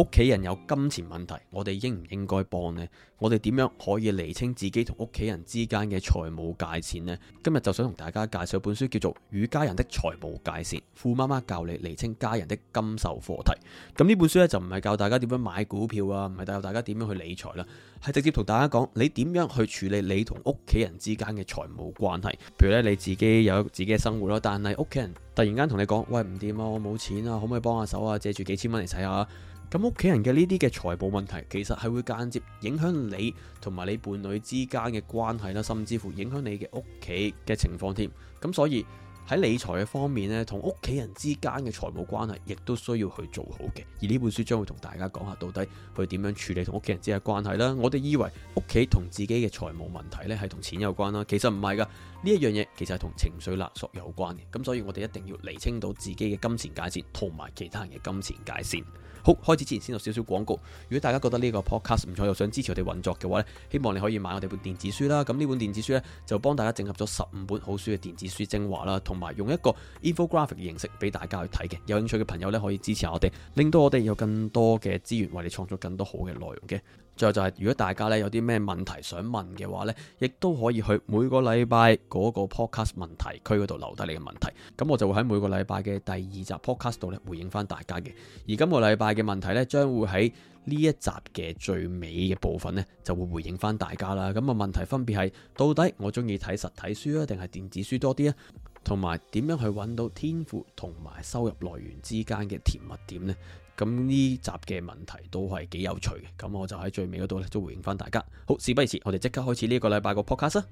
屋企人有金錢問題，我哋應唔應該幫呢？我哋點樣可以釐清自己同屋企人之間嘅財務界線呢？今日就想同大家介紹本書，叫做《與家人的財務界線》，富媽媽教你釐清家人的金錢課題。咁呢本書咧就唔係教大家點樣買股票啊，唔係教大家點樣去理財啦，係直接同大家講你點樣去處理你同屋企人之間嘅財務關係。譬如咧，你自己有自己嘅生活咯，但係屋企人突然間同你講：「喂，唔掂啊，我冇錢啊，可唔可以幫下手啊？借住幾千蚊嚟使下。咁屋企人嘅呢啲嘅財務問題，其實，係會間接影響你同埋你伴侶之間嘅關係啦，甚至乎影響你嘅屋企嘅情況添。咁所以喺理財嘅方面咧，同屋企人之間嘅財務關係亦都需要去做好嘅。而呢本書將會同大家講下到底去點樣處理同屋企人之間嘅關係啦。我哋以為屋企同自己嘅財務問題咧，係同錢有關啦，其實唔係㗎，呢一樣嘢其實，係同情緒勒索有關嘅。咁所以我哋一定要釐清到自己嘅金錢界線同埋其他人嘅金錢界線。好，開始之前先有少少廣告，如果大家覺得呢個 podcast 唔錯，又想支持我哋運作嘅話呢，希望你可以買我哋本電子書啦。咁呢本電子書呢，就幫大家整合咗十五本好書嘅電子書精華啦，同埋用一個 infographic 嘅形式俾大家去睇嘅。有興趣嘅朋友呢，可以支持我哋，令到我哋有更多嘅資源為你創作更多好嘅內容嘅。再就係、是，如果大家咧有啲咩問題想問嘅話咧，亦都可以去每個禮拜嗰個 podcast 問題區嗰度留低你嘅問題，咁我就會喺每個禮拜嘅第二集 podcast 度咧回應翻大家嘅。而今個禮拜嘅問題咧，將會喺呢一集嘅最尾嘅部分咧，就會回應翻大家啦。咁啊，問題分別係到底我中意睇實體書啊，定係電子書多啲啊？同埋點樣去揾到天賦同埋收入來源之間嘅甜蜜點呢？咁呢集嘅問題都係幾有趣嘅，咁我就喺最尾嗰度咧都回應翻大家。好，事不宜遲，我哋即刻開始呢個禮拜個 podcast。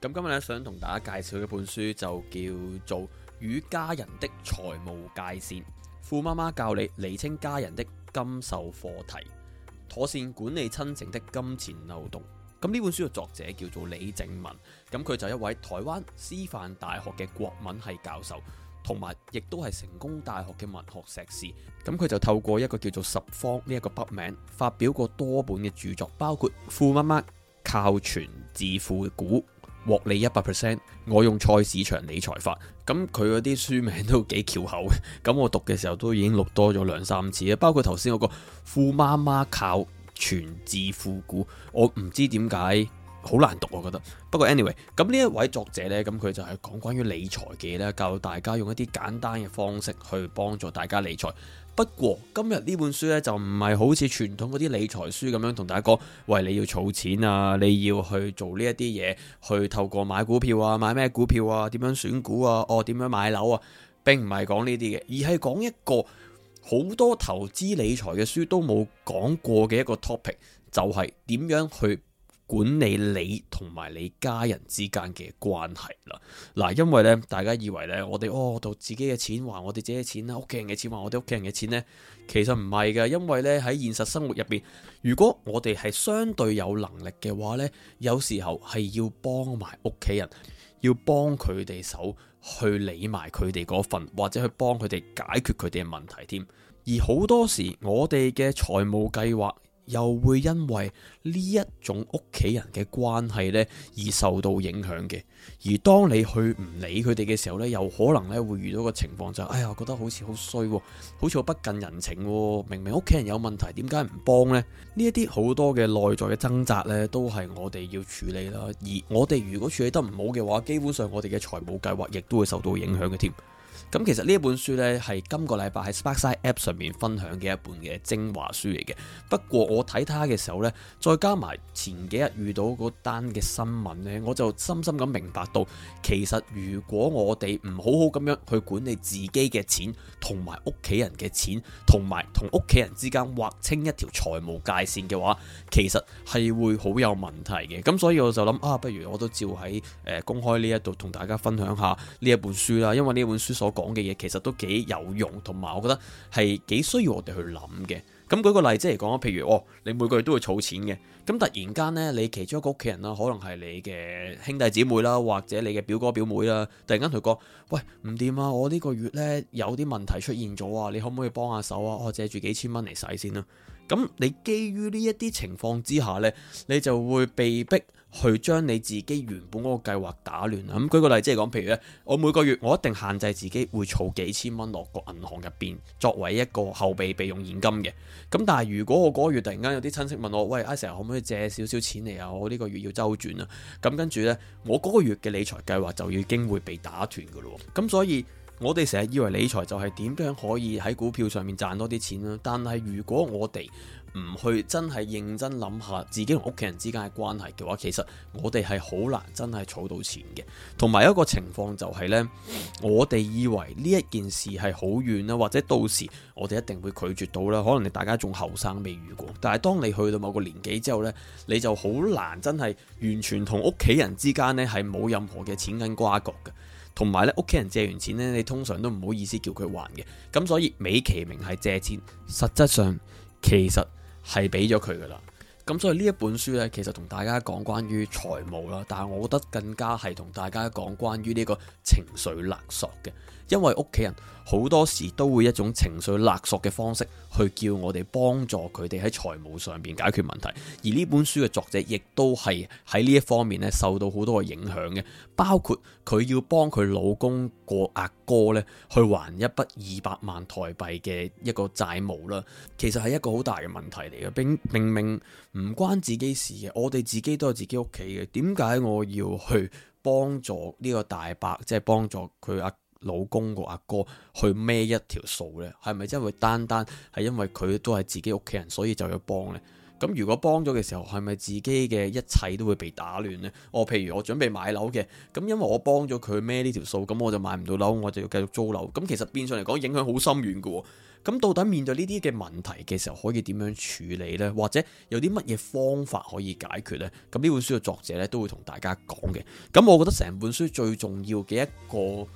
咁今日咧想同大家介紹一本書，就叫做《與家人的財務界線》，富媽媽教你厘清家人的金售課題，妥善管理親情的金錢流動。咁呢本書嘅作者叫做李靜文，咁佢就一位台灣師範大學嘅國文系教授。同埋，亦都係成功大學嘅文學碩士，咁佢就透過一個叫做十方呢一個筆名，發表過多本嘅著作，包括《富媽媽靠存致富股獲利一百 percent》，我用菜市場理財法。咁佢嗰啲書名都幾翹口嘅，咁我讀嘅時候都已經錄多咗兩三次啦。包括頭先嗰個《富媽媽靠存致富股》，我唔知點解。好難讀、啊、我覺得，不過 anyway，咁呢一位作者呢，咁佢就係講關於理財嘅呢，教大家用一啲簡單嘅方式去幫助大家理財。不過今日呢本書呢，就唔係好似傳統嗰啲理財書咁樣同大家講，喂，你要儲錢啊，你要去做呢一啲嘢，去透過買股票啊，買咩股票啊，點樣選股啊，哦點樣買樓啊，並唔係講呢啲嘅，而係講一個好多投資理財嘅書都冇講過嘅一個 topic，就係點樣去。管理你同埋你家人之間嘅關係啦，嗱，因為咧，大家以為咧，我哋哦，到自己嘅錢還我哋自己嘅錢啦，屋企人嘅錢還我哋屋企人嘅錢咧，其實唔係嘅，因為咧，喺現實生活入邊，如果我哋係相對有能力嘅話咧，有時候係要幫埋屋企人，要幫佢哋手去理埋佢哋嗰份，或者去幫佢哋解決佢哋嘅問題添。而好多時我哋嘅財務計劃，又會因為呢一種屋企人嘅關係呢而受到影響嘅，而當你去唔理佢哋嘅時候呢，又可能呢會遇到個情況就係，哎呀，覺得好似好衰，好似我不近人情喎，明明屋企人有問題，點解唔幫呢？呢一啲好多嘅內在嘅掙扎呢，都係我哋要處理啦。而我哋如果處理得唔好嘅話，基本上我哋嘅財務計劃亦都會受到影響嘅添。咁其實呢一本書呢，係今個禮拜喺 Sparkside App 上面分享嘅一本嘅精華書嚟嘅。不過我睇佢嘅時候呢，再加埋前幾日遇到嗰單嘅新聞呢，我就深深咁明白到，其實如果我哋唔好好咁樣去管理自己嘅錢，同埋屋企人嘅錢，同埋同屋企人之間劃清一條財務界線嘅話，其實係會好有問題嘅。咁所以我就諗啊，不如我都照喺誒、呃、公開呢一度同大家分享下呢一本書啦，因為呢本書所講講嘅嘢其實都幾有用，同埋我覺得係幾需要我哋去諗嘅。咁舉個例子嚟講，譬如哦，你每個月都會儲錢嘅，咁突然間呢，你其中一個屋企人啦，可能係你嘅兄弟姊妹啦，或者你嘅表哥表妹啦，突然間佢講：喂，唔掂啊！我呢個月呢有啲問題出現咗啊，你可唔可以幫下手啊？我借住幾千蚊嚟使先啦。咁你基於呢一啲情況之下呢，你就會被迫。去將你自己原本嗰個計劃打亂啦。咁、嗯、舉個例即係講，譬如咧，我每個月我一定限制自己會儲幾千蚊落個銀行入邊，作為一個後備備用現金嘅。咁但係如果我嗰個月突然間有啲親戚問我，喂，阿、哎、成可唔可以借少少錢嚟啊？我呢個月要周轉啊。咁跟住呢，我嗰個月嘅理財計劃就已經會被打斷㗎咯。咁、嗯、所以。我哋成日以為理財就係點樣可以喺股票上面賺多啲錢啦、啊，但係如果我哋唔去真係認真諗下自己同屋企人之間嘅關係嘅話，其實我哋係好難真係儲到錢嘅。同埋一個情況就係、是、呢：我哋以為呢一件事係好遠啦，或者到時我哋一定會拒絕到啦。可能你大家仲後生未遇過，但係當你去到某個年紀之後呢，你就好難真係完全同屋企人之間呢係冇任何嘅錢銀瓜葛嘅。同埋咧，屋企人借完錢咧，你通常都唔好意思叫佢還嘅。咁所以美其名係借錢，實質上其實係俾咗佢㗎喇。咁所以呢一本書咧，其實同大家講關於財務啦，但係我覺得更加係同大家講關於呢個情緒勒索嘅，因為屋企人好多時都會一種情緒勒索嘅方式去叫我哋幫助佢哋喺財務上邊解決問題，而呢本書嘅作者亦都係喺呢一方面咧，受到好多嘅影響嘅，包括佢要幫佢老公過壓。哥咧去還一筆二百萬台幣嘅一個債務啦，其實係一個好大嘅問題嚟嘅。並明，明明唔關自己事嘅，我哋自己都有自己屋企嘅，點解我要去幫助呢個大伯，即係幫助佢阿老公個阿哥去孭一條數呢？係咪因為單單係因為佢都係自己屋企人，所以就要幫呢？咁如果幫咗嘅時候，係咪自己嘅一切都會被打亂呢？哦，譬如我準備買樓嘅，咁因為我幫咗佢孭呢條數，咁我就買唔到樓，我就要繼續租樓。咁其實變相嚟講，影響好深遠噶。咁到底面對呢啲嘅問題嘅時候，可以點樣處理呢？或者有啲乜嘢方法可以解決呢？咁呢本書嘅作者咧都會同大家講嘅。咁我覺得成本書最重要嘅一個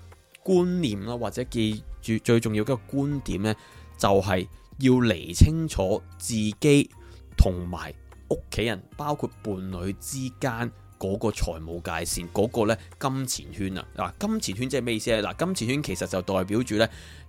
觀念啦，或者記住最重要嘅一個觀點呢，就係要厘清楚自己。同埋屋企人，包括伴侶之間嗰個財務界線，嗰個呢，金錢圈啊。嗱，金錢圈即係咩意思呢？嗱，金錢圈其實就代表住呢，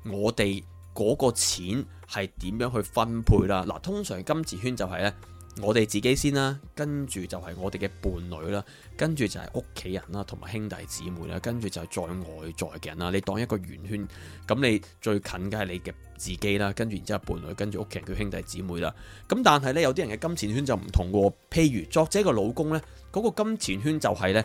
我哋嗰個錢係點樣去分配啦。嗱，通常金錢圈就係呢。我哋自己先啦，跟住就係我哋嘅伴侶啦，跟住就係屋企人啦，同埋兄弟姊妹啦，跟住就係在外在嘅人啦。你當一個圓圈，咁你最近嘅係你嘅自己啦，跟住然之後伴侶，跟住屋企人叫兄弟姊妹啦。咁但係呢，有啲人嘅金錢圈就唔同喎。譬如作者個老公呢，嗰個金錢圈就係呢，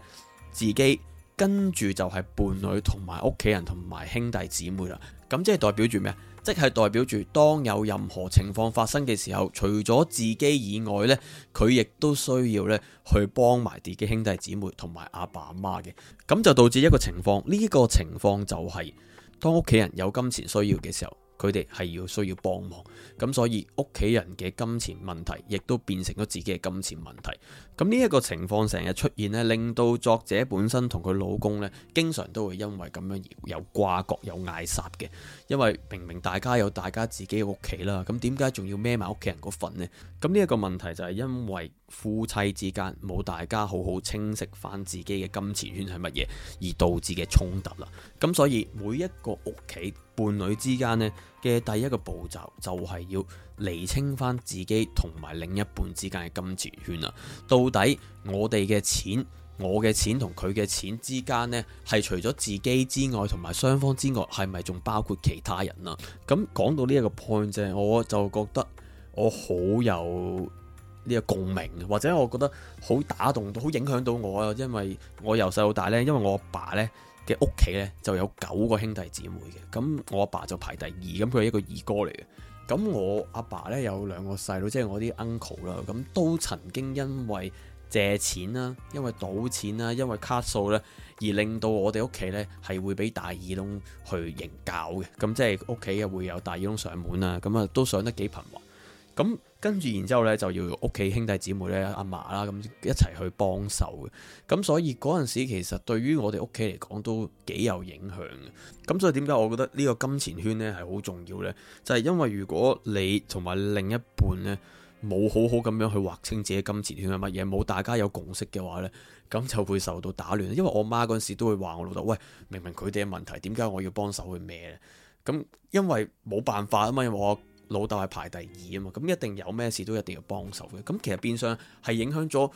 自己，跟住就係伴侶同埋屋企人同埋兄弟姊妹啦。咁即係代表住咩？即係代表住，當有任何情況發生嘅時候，除咗自己以外呢，佢亦都需要呢，去幫埋自己兄弟姊妹同埋阿爸阿媽嘅，咁就導致一個情況，呢個情況就係當屋企人有金錢需要嘅時候。佢哋係要需要幫忙，咁所以屋企人嘅金錢問題，亦都變成咗自己嘅金錢問題。咁呢一個情況成日出現咧，令到作者本身同佢老公咧，經常都會因為咁樣而有瓜葛、有嗌殺嘅。因為明明大家有大家自己嘅屋企啦，咁點解仲要孭埋屋企人嗰份呢？咁呢一個問題就係因為夫妻之間冇大家好好清晰翻自己嘅金錢圈係乜嘢，而導致嘅衝突啦。咁所以每一個屋企。伴侶之間呢嘅第一個步驟就係要厘清翻自己同埋另一半之間嘅金錢圈啦。到底我哋嘅錢、我嘅錢同佢嘅錢之間呢，係除咗自己之外，同埋雙方之外，係咪仲包括其他人啊？咁講到呢一個 point 啫，我就覺得我好有呢個共鳴，或者我覺得好打動、好影響到我啊，因為我由細到大呢，因為我爸爸呢。嘅屋企咧就有九個兄弟姊妹嘅，咁我阿爸，爸就排第二，咁佢係一個二哥嚟嘅。咁我阿爸咧有兩個細佬，即係我啲 uncle 啦，咁都曾經因為借錢啦、因為賭錢啦、因為卡數咧，而令到我哋屋企咧係會俾大耳窿去營教嘅。咁即係屋企啊會有大耳窿上門啊，咁啊都上得幾頻繁。咁跟住，然之後咧就要屋企兄弟姊妹咧、阿嫲啦，咁一齊去幫手嘅。咁所以嗰陣時，其實對於我哋屋企嚟講都幾有影響嘅。咁所以點解我覺得呢個金錢圈呢係好重要呢？就係、是、因為如果你同埋另一半呢冇好好咁樣去劃清自己金錢圈係乜嘢，冇大家有共識嘅話呢，咁就會受到打亂。因為我媽嗰陣時都會話我老豆，喂，明明佢哋嘅問題，點解我要幫手去咩呢？」咁因為冇辦法啊嘛，因為我老豆係排第二啊嘛，咁一定有咩事都一定要幫手嘅。咁其實變相係影響咗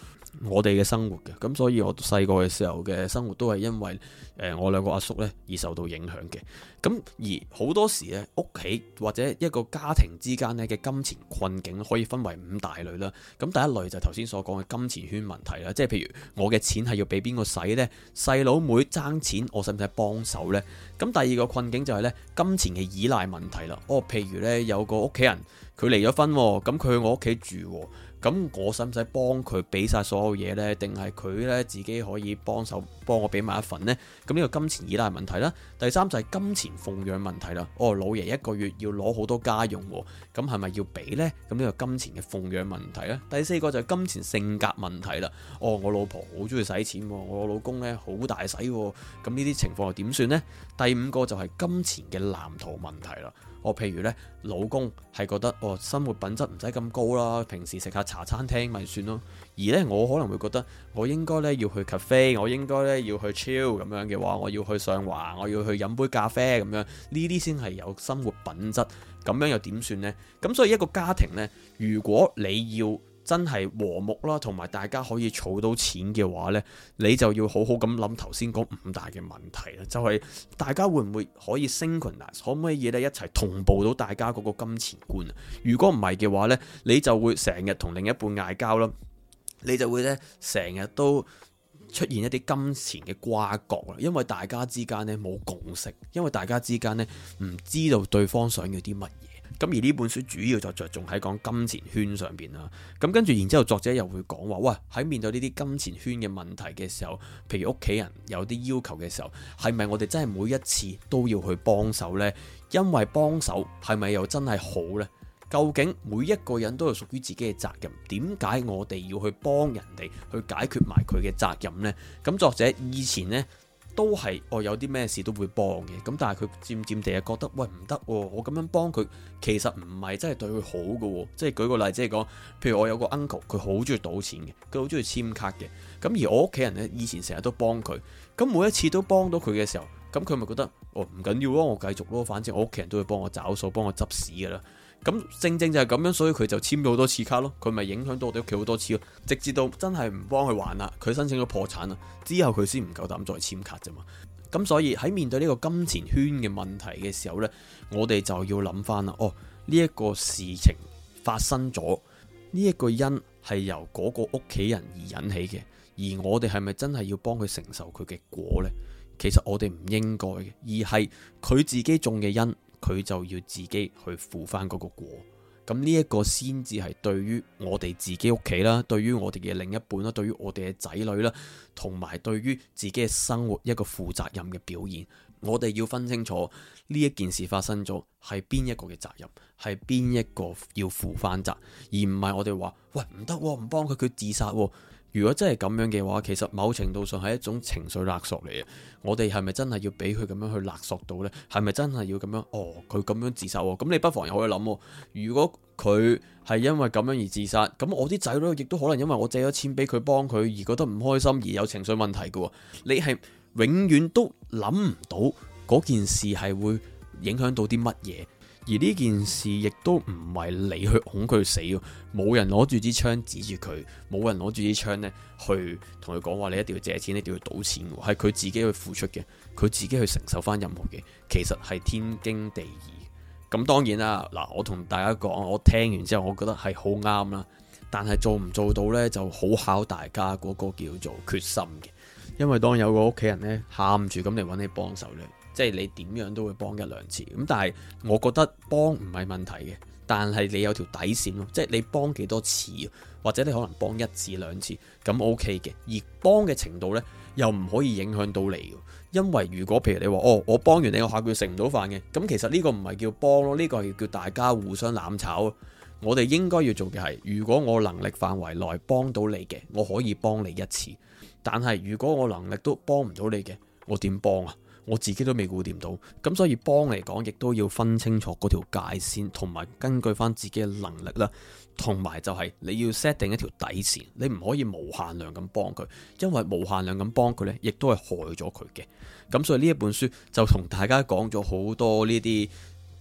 我哋嘅生活嘅。咁所以我細個嘅時候嘅生活都係因為誒、呃、我兩個阿叔呢而受到影響嘅。咁而好多時呢屋企或者一個家庭之間呢嘅金錢困境可以分為五大類啦。咁第一類就頭先所講嘅金錢圈問題啦，即係譬如我嘅錢係要俾邊個使呢？細佬妹爭錢，我使唔使幫手呢？咁第二個困境就係呢金錢嘅依賴問題啦。哦，譬如呢有個屋企人佢離咗婚，咁佢去我屋企住，咁我使唔使幫佢俾晒所有嘢呢？定係佢呢？自己可以幫手幫我俾埋一份呢？咁呢個金錢依賴問題啦。第三就係金錢奉養問題啦。哦，老爺一個月要攞好多家用，咁係咪要俾呢？咁呢個金錢嘅奉養問題呢。第四個就係金錢性格問題啦。哦，我老婆好中意使錢，我老公呢，好大使，咁呢啲情況又點算呢？第五個就係金錢嘅藍圖問題啦。我譬如咧，老公係覺得哦，生活品質唔使咁高啦，平時食下茶餐廳咪算咯。而咧，我可能會覺得我應該咧要去 cafe，我應該咧要去 chill 咁樣嘅話，我要去上華，我要去飲杯咖啡咁樣，呢啲先係有生活品質。咁樣又點算呢？咁所以一個家庭呢，如果你要，真係和睦啦，同埋大家可以儲到錢嘅話咧，你就要好好咁諗頭先嗰五大嘅問題啦，就係、是、大家會唔會可以 synchronize，可唔可以咧一齊同步到大家嗰個金錢觀啊？如果唔係嘅話咧，你就會成日同另一半嗌交，啦，你就會咧成日都出現一啲金錢嘅瓜葛啦，因為大家之間咧冇共識，因為大家之間咧唔知道對方想要啲乜嘢。咁而呢本書主要就着重喺講金錢圈上邊啦。咁跟住，然之後作者又會講話：「喂，喺面對呢啲金錢圈嘅問題嘅時候，譬如屋企人有啲要求嘅時候，係咪我哋真係每一次都要去幫手呢？因為幫手係咪又真係好呢？究竟每一個人都有屬於自己嘅責任，點解我哋要去幫人哋去解決埋佢嘅責任呢？」咁作者以前呢，都係我有啲咩事都會幫嘅，咁但係佢漸漸地啊，覺得，喂唔得喎，我咁樣幫佢其實唔係真係對佢好嘅喎，即係舉個例，即係講，譬如我有個 uncle，佢好中意賭錢嘅，佢好中意簽卡嘅，咁而我屋企人呢，以前成日都幫佢，咁每一次都幫到佢嘅時候，咁佢咪覺得哦，唔緊要咯，我繼續咯，反正我屋企人都會幫我找數，幫我執屎噶啦。咁正正就係咁樣，所以佢就簽咗好多次卡咯，佢咪影響到我哋屋企好多次咯，直至到真係唔幫佢還啦，佢申請咗破產啦，之後佢先唔夠膽再簽卡啫嘛。咁所以喺面對呢個金錢圈嘅問題嘅時候呢，我哋就要諗翻啦。哦，呢一個事情發生咗，呢一個因係由嗰個屋企人而引起嘅，而我哋係咪真係要幫佢承受佢嘅果呢？其實我哋唔應該嘅，而係佢自己種嘅因。佢就要自己去負翻嗰個果，咁呢一個先至係對於我哋自己屋企啦，對於我哋嘅另一半啦，對於我哋嘅仔女啦，同埋對於自己嘅生活一個負責任嘅表現。我哋要分清楚呢一件事發生咗係邊一個嘅責任，係邊一個要負翻責，而唔係我哋話喂，唔得喎，唔，啊，幫佢，佢自殺喎。如果真係咁樣嘅話，其實某程度上係一種情緒勒索嚟嘅。我哋係咪真係要俾佢咁樣去勒索到呢？係咪真係要咁樣？哦，佢咁樣自殺啊，咁你不妨又可以諗啊：如果佢係因為咁樣而自殺，咁我啲仔女亦都可能因為我借咗錢俾佢幫佢，而覺得唔開心，而有情緒問題嘅。你係永遠都諗唔到嗰件事係會影響到啲乜嘢。而呢件事亦都唔係你去恐佢死，冇人攞住支槍指住佢，冇人攞住支槍呢去同佢講話，你一定要借錢，一定要賭錢，係佢自己去付出嘅，佢自己去承受翻任何嘅，其實係天經地義。咁當然啦，嗱，我同大家講，我聽完之後，我覺得係好啱啦。但係做唔做到呢，就好考大家嗰個叫做決心嘅。因為當有個屋企人呢，喊住咁嚟搵你幫手呢。即係你點樣都會幫一兩次，咁但係我覺得幫唔係問題嘅，但係你有條底線咯，即係你幫幾多次，或者你可能幫一至兩次，咁 OK 嘅。而幫嘅程度呢，又唔可以影響到你，因為如果譬如你話哦，我幫完你我下個月食唔到飯嘅，咁其實呢個唔係叫幫咯，呢個係叫大家互相攬炒。我哋應該要做嘅係，如果我能力範圍內幫到你嘅，我可以幫你一次；但係如果我能力都幫唔到你嘅，我點幫啊？我自己都未顧掂到，咁所以幫嚟講，亦都要分清楚嗰條界線，同埋根據返自己嘅能力啦，同埋就係你要 set 定一條底線，你唔可以無限量咁幫佢，因為無限量咁幫佢呢，亦都係害咗佢嘅。咁所以呢一本書就同大家講咗好多呢啲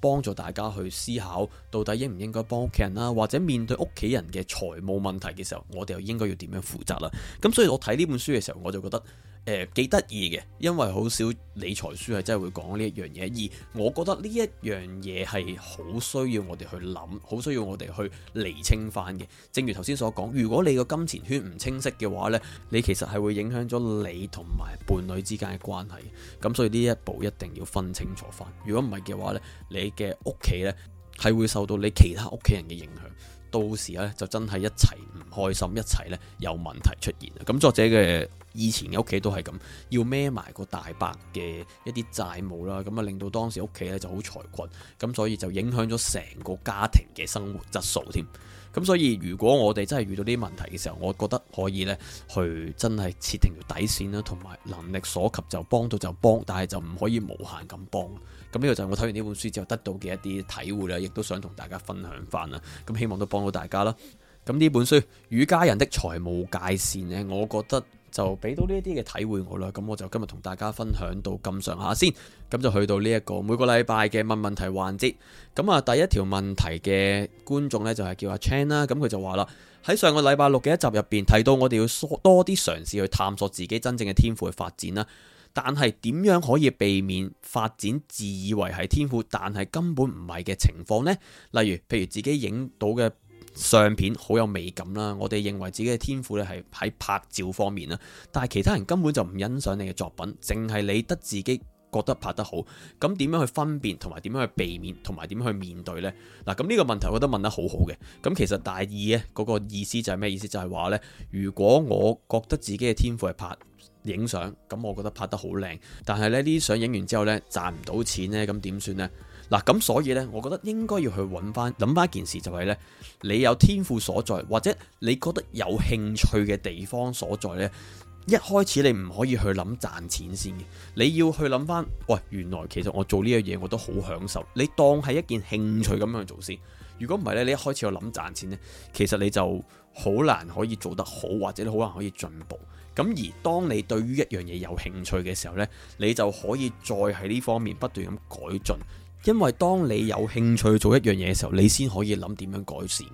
幫助大家去思考到底應唔應該幫屋企人啦，或者面對屋企人嘅財務問題嘅時候，我哋又應該要點樣負責啦。咁所以我睇呢本書嘅時候，我就覺得。誒，幾得意嘅，因為好少理財書係真係會講呢一樣嘢，而我覺得呢一樣嘢係好需要我哋去諗，好需要我哋去釐清翻嘅。正如頭先所講，如果你個金錢圈唔清晰嘅話呢，你其實係會影響咗你同埋伴侶之間嘅關係。咁所以呢一步一定要分清楚翻，如果唔係嘅話呢，你嘅屋企呢，係會受到你其他屋企人嘅影響。到時咧就真係一齊唔開心，一齊咧有問題出現。咁作者嘅以前嘅屋企都係咁，要孭埋個大伯嘅一啲債務啦，咁啊令到當時屋企咧就好財困，咁所以就影響咗成個家庭嘅生活質素添。咁所以如果我哋真係遇到呢啲問題嘅時候，我覺得可以呢去真係設定條底線啦，同埋能力所及就幫到就幫，但係就唔可以無限咁幫。咁呢個就係我睇完呢本書之後得到嘅一啲體會啦，亦都想同大家分享返啦。咁希望都幫到大家啦。咁呢本書《與家人的財務界線》呢，我覺得，就俾到呢一啲嘅體會我啦，咁我就今日同大家分享到咁上下先，咁就去到呢一個每個禮拜嘅問問題環節，咁啊第一條問題嘅觀眾呢，就係叫阿 Chan 啦，咁佢就話啦，喺上個禮拜六嘅一集入邊提到我哋要多啲嘗試去探索自己真正嘅天賦去發展啦，但係點樣可以避免發展自以為係天賦但係根本唔係嘅情況呢？例如譬如自己影到嘅。相片好有美感啦，我哋認為自己嘅天賦咧係喺拍照方面啦，但係其他人根本就唔欣賞你嘅作品，淨係你得自己覺得拍得好，咁點樣去分辨同埋點樣去避免同埋點樣去面對呢？嗱、啊，咁、這、呢個問題我覺得問得好好嘅，咁其實大二呢，嗰、那個意思就係咩意思？就係話呢：如果我覺得自己嘅天賦係拍影相，咁我覺得拍得好靚，但係呢啲相影完之後呢，賺唔到錢呢，咁點算呢？嗱咁，所以呢，我覺得應該要去揾翻諗翻一件事，就係呢：你有天賦所在，或者你覺得有興趣嘅地方所在呢，一開始你唔可以去諗賺錢先嘅，你要去諗翻，喂，原來其實我做呢樣嘢，我都好享受。你當係一件興趣咁樣去做先。如果唔係呢，你一開始去諗賺錢呢，其實你就好難可以做得好，或者好難可以進步。咁而當你對於一樣嘢有興趣嘅時候呢，你就可以再喺呢方面不斷咁改進。因為當你有興趣做一樣嘢嘅時候，你先可以諗點樣改善嘅。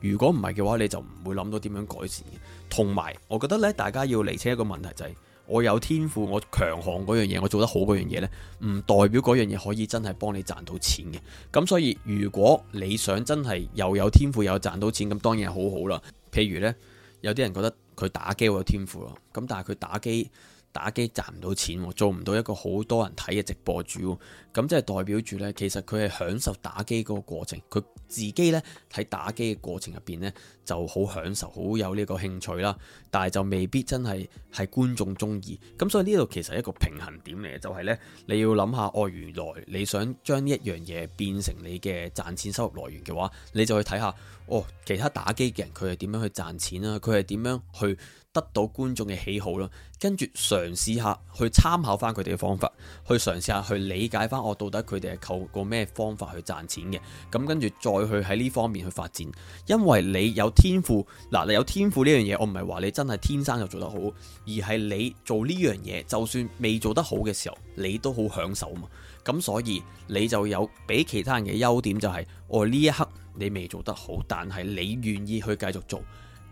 如果唔係嘅話，你就唔會諗到點樣改善。同埋，我覺得咧，大家要厘清一個問題就係、是，我有天賦，我強項嗰樣嘢，我做得好嗰樣嘢呢，唔代表嗰樣嘢可以真係幫你賺到錢嘅。咁所以，如果你想真係又有天賦又有賺到錢，咁當然係好好啦。譬如呢，有啲人覺得佢打機好有天賦咯，咁但係佢打機。打機賺唔到錢，做唔到一個好多人睇嘅直播主，咁即係代表住呢，其實佢係享受打機嗰個過程，佢自己呢，喺打機嘅過程入邊呢，就好享受，好有呢個興趣啦。但係就未必真係係觀眾中意，咁所以呢度其實一個平衡點嚟嘅，就係呢：你要諗下，哦，原來你想將一樣嘢變成你嘅賺錢收入來源嘅話，你就去睇下，哦，其他打機嘅人佢係點樣去賺錢啊，佢係點樣去。得到觀眾嘅喜好咯，跟住嘗試下去參考翻佢哋嘅方法，去嘗試下去理解翻我到底佢哋係靠過咩方法去賺錢嘅，咁跟住再去喺呢方面去發展。因為你有天賦，嗱、呃，你有天賦呢樣嘢，我唔係話你真係天生就做得好，而係你做呢樣嘢，就算未做得好嘅時候，你都好享受嘛。咁所以你就有比其他人嘅優點、就是，就係我呢一刻你未做得好，但係你願意去繼續做。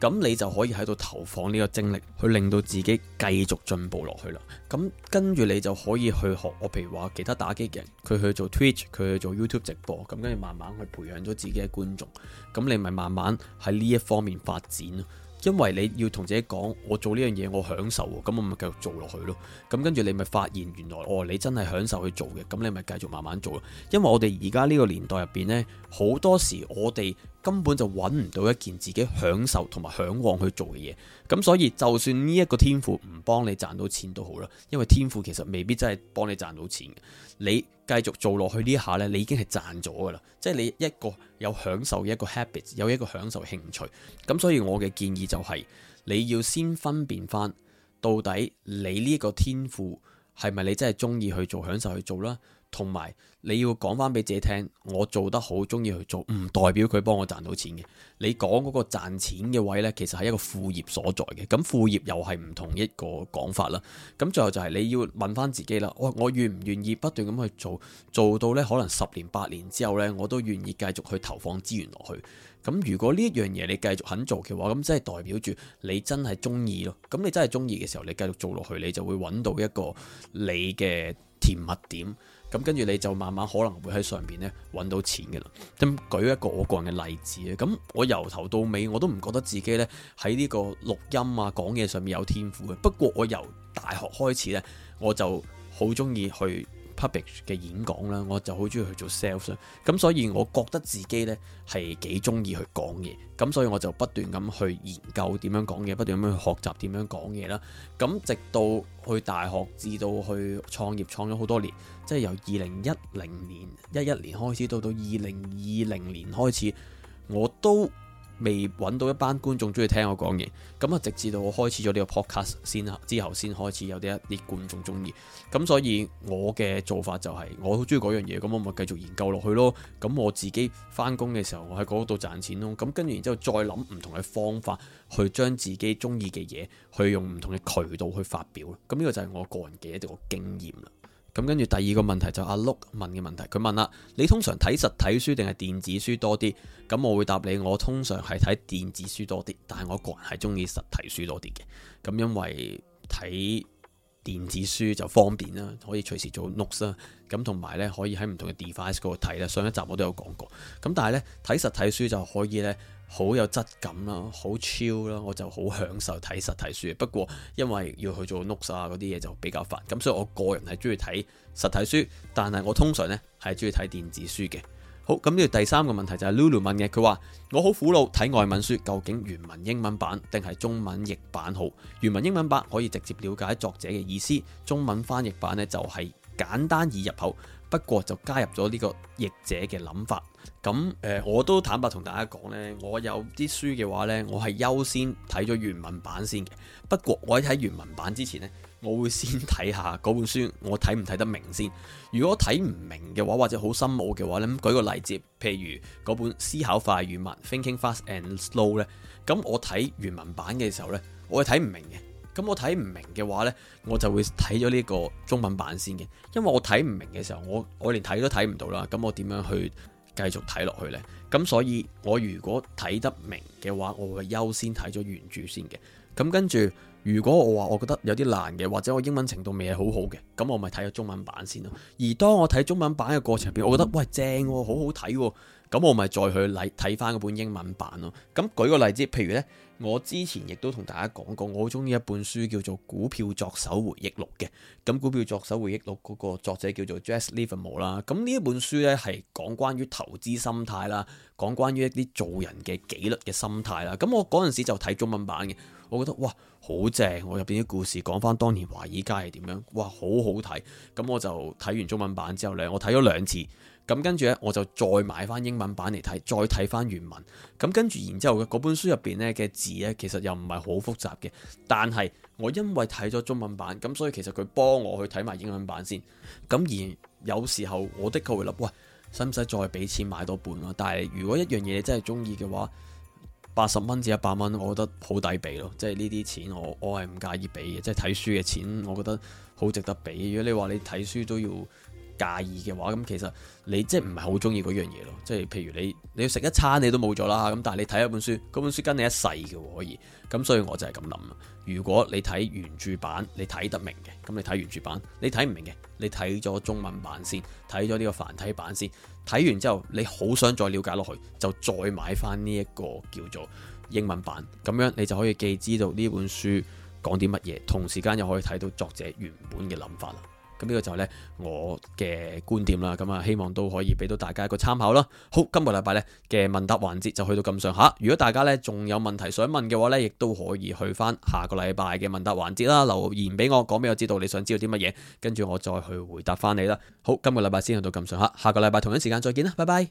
咁你就可以喺度投放呢個精力去令到自己繼續進步落去啦。咁跟住你就可以去學，我譬如話其他打機嘅人，佢去做 Twitch，佢去做 YouTube 直播，咁跟住慢慢去培養咗自己嘅觀眾。咁你咪慢慢喺呢一方面發展咯。因為你要同自己講，我做呢樣嘢我享受，咁我咪繼續做落去咯。咁跟住你咪發現原來哦，你真係享受去做嘅，咁你咪繼續慢慢做咯。因為我哋而家呢個年代入邊呢，好多時我哋根本就揾唔到一件自己享受同埋向往去做嘅嘢。咁所以就算呢一個天賦唔幫你賺到錢都好啦，因為天賦其實未必真係幫你賺到錢。你繼續做落去一下呢，下咧，你已經係賺咗㗎喇。即係你一個有享受一個 habit，有一個享受興趣咁，所以我嘅建議就係、是、你要先分辨返，到底你呢個天賦係咪你真係鍾意去做、享受去做啦？同埋你要講翻俾自己聽，我做得好中意去做，唔代表佢幫我賺到錢嘅。你講嗰個賺錢嘅位呢，其實係一個副業所在嘅。咁副業又係唔同一個講法啦。咁最後就係、是、你要問翻自己啦，我我願唔願意不斷咁去做，做到呢可能十年八年之後呢，我都願意繼續去投放資源落去。咁如果呢一樣嘢你繼續肯做嘅話，咁真係代表住你真係中意咯。咁你真係中意嘅時候，你繼續做落去，你就會揾到一個你嘅甜蜜點。咁跟住你就慢慢可能會喺上邊揾到錢嘅啦。咁舉一個我個人嘅例子啊，咁我由頭到尾我都唔覺得自己呢喺呢個錄音啊講嘢上面有天賦嘅。不過我由大學開始呢，我就好中意去 public 嘅演講啦，我就好中意去做 sales，咁所以我覺得自己呢係幾中意去講嘢，咁所以我就不斷咁去研究點樣講嘢，不斷咁樣去學習點樣講嘢啦，咁直到去大學至到去創業，創咗好多年，即係由二零一零年一一年開始，到到二零二零年開始，我都未揾到一班觀眾中意聽我講嘢，咁啊直至到我開始咗呢個 podcast 先，之後先開始有啲一啲觀眾中意，咁所以我嘅做法就係、是、我好中意嗰樣嘢，咁我咪繼續研究落去咯。咁我自己返工嘅時候，我喺嗰度賺錢咯。咁跟住然之後再諗唔同嘅方法去將自己中意嘅嘢，去用唔同嘅渠道去發表。咁呢個就係我個人嘅一個經驗啦。咁跟住第二個問題就阿碌問嘅問題，佢問啦：你通常睇實體書定係電子書多啲？咁我會答你，我通常係睇電子書多啲，但係我個人係中意實體書多啲嘅。咁因為睇電子書就方便啦，可以隨時做 notes 啦，咁同埋呢，可以喺唔同嘅 device 嗰度睇啦。上一集我都有講過，咁但係呢，睇實體書就可以呢。好有質感啦，好 chill 啦，我就好享受睇實體書。不過因為要去做 note 啊，嗰啲嘢就比較煩，咁所以我個人係中意睇實體書，但係我通常呢係中意睇電子書嘅。好，咁呢個第三個問題就係 Lulu 問嘅，佢話我好苦惱睇外文書，究竟原文英文版定係中文譯版好？原文英文版可以直接了解作者嘅意思，中文翻譯版呢就係、是。簡單易入口，不過就加入咗呢個譯者嘅諗法。咁誒、呃，我都坦白同大家講呢，我有啲書嘅話呢，我係優先睇咗原文版先嘅。不過我喺睇原文版之前呢，我會先睇下嗰本書我睇唔睇得明先。如果睇唔明嘅話，或者好深奧嘅話呢，咁舉個例子，譬如嗰本《思考快與文》、《t h i n k i n g Fast and Slow） 呢，咁我睇原文版嘅時候呢，我係睇唔明嘅。咁我睇唔明嘅話呢，我就會睇咗呢個中文版先嘅，因為我睇唔明嘅時候，我我連睇都睇唔到啦。咁我點樣去繼續睇落去呢？咁所以，我如果睇得明嘅話，我會優先睇咗原著先嘅。咁跟住。如果我話我覺得有啲難嘅，或者我英文程度未係好好嘅，咁我咪睇個中文版先咯。而當我睇中文版嘅過程入邊，我覺得喂，正啊，好好睇啊，咁我咪再去睇睇翻嗰本英文版咯。咁舉個例子，譬如呢，我之前亦都同大家講過，我好中意一本書叫做《股票作手回憶錄》嘅。咁《股票作手回憶錄》嗰個作者叫做 Jesse Livermore 啦。咁呢一本書呢，係講關於投資心態啦，講關於一啲做人嘅紀律嘅心態啦。咁我嗰陣時就睇中文版嘅。我覺得哇好正，我入邊啲故事講翻當年華爾街係點樣，哇好好睇。咁我就睇完中文版之後呢，我睇咗兩次。咁跟住呢，我就再買翻英文版嚟睇，再睇翻原文。咁跟住然之後嗰本書入邊呢嘅字呢，其實又唔係好複雜嘅。但係我因為睇咗中文版，咁所以其實佢幫我去睇埋英文版先。咁而有時候我的確會諗，喂，使唔使再俾錢買多本咯啊？但係如果一樣嘢你真係中意嘅話，八十蚊至一百蚊，我覺得好抵俾咯，即係呢啲錢我我係唔介意俾嘅，即係睇書嘅錢，我覺得好值得俾。如果你話你睇書都要介意嘅話，咁其實你即係唔係好中意嗰樣嘢咯？即係譬如你，你要食一餐你都冇咗啦嚇。咁但係你睇一本書，嗰本書跟你一世嘅可以。咁所以我就係咁諗。如果你睇原著版，你睇得明嘅，咁你睇原著版；你睇唔明嘅，你睇咗中文版先，睇咗呢個繁體版先。睇完之後，你好想再了解落去，就再買翻呢一個叫做英文版。咁樣你就可以既知道呢本書講啲乜嘢，同時間又可以睇到作者原本嘅諗法啦。咁呢個就係咧我嘅觀點啦，咁啊希望都可以俾到大家一個參考啦。好，今個禮拜咧嘅問答環節就去到咁上下。如果大家呢仲有問題想問嘅話呢，亦都可以去翻下個禮拜嘅問答環節啦，留言俾我，講俾我知道你想知道啲乜嘢，跟住我再去回答翻你啦。好，今個禮拜先去到咁上下，下個禮拜同一時間再見啦，拜拜。